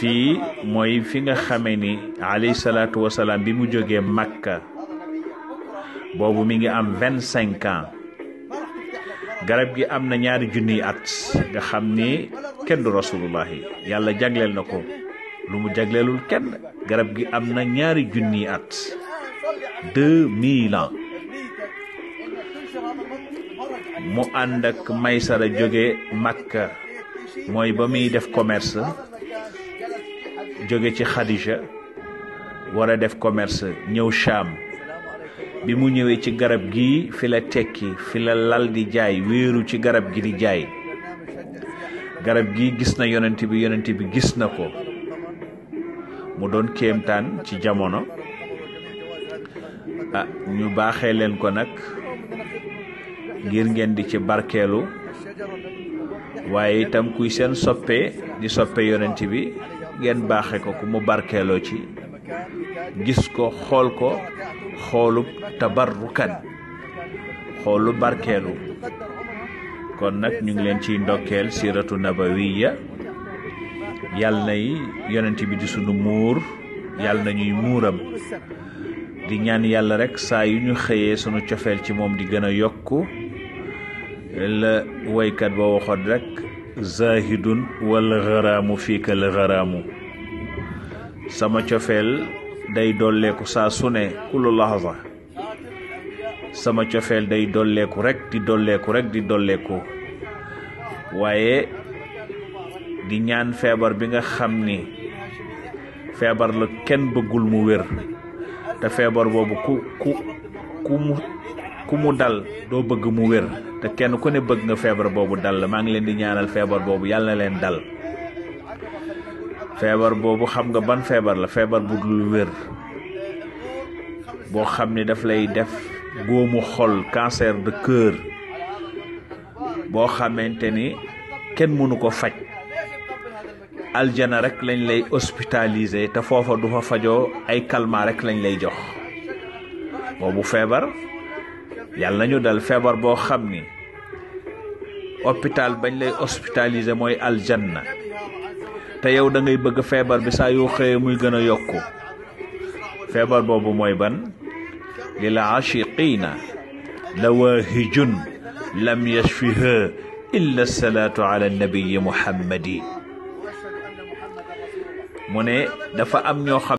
fi moy fi nga xamé ni alayhi salaatu wasalaam bi mu joggé makka bobu mi ngi am 25 ans garab gi am na ñaari junniy at nga xam ni kenn du rasulullahi Yalla jagleel nako lu mu jagleelul kenn garab gi am na ñaari junniy at 2000 ans mu andak maysara makka moy ba def commerce jóge ci Khadija wara def commerce ñëw Cham bi mu ñëwee ci garab gi fi la tekki fi la lal di jaay wéeru ci garab gi di jaay garab gi gis na yonent bi yonent bi gis na ko mu doon kéemtaan ci jamono ah ñu baaxee leen ko nag ngir ngeen di ci barkeelu waaye itam kuy seen soppe di soppe yonent bi ngeen baxé ko ku mu barkeeloo ci gis ko xol ko xolub tabarrukan xolub barkelu kon nak ñu ngi leen ci ndokkel siratu nabawiyya yal nai, yi yonenti bi di sunu mur yal nai ñuy muram di ñaan yalla rek sa yu ñu xeyé sunu ciofel ci mom di gëna yokku la kat bo waxoon rek zahidun wala xaraamu fii ka la sama cofeel day dolleeku saa su ne kullu lahza sama cofeel day dolleeku rekk di dolleeku rekk di dolleeku waaye di ñaan feebar bi nga xam ni feebar la kenn bëggul mu wér te feebar boobu ku ku ku mu dal doo bëgg mu wér te kenn ku ne bëgg nga feebar boobu dal la maa ngi leen di ñaanal feebar boobu yàlla na leen dal feebar boobu xam nga ban feebar la feebar bu dul wér boo xam ni daf lay def góomu xol cancer de cœur boo xamante ni kenn mënu ko faj aljana rek lañ lay hospitaliser te foofa du fa fajoo ay calmants rek lañ lay jox boobu feebar yàlla ñu dal febar bo xamni hôpital bañ lay hospitaliser mooy aljanna te yow da ngay bëgg febar bi sa yu xey muy gëna yokku febar bobu moy ban lil aashiqiina lawaahijun lam yashfiha illa salatu ala nabi muhammadi mune dafa am ñoo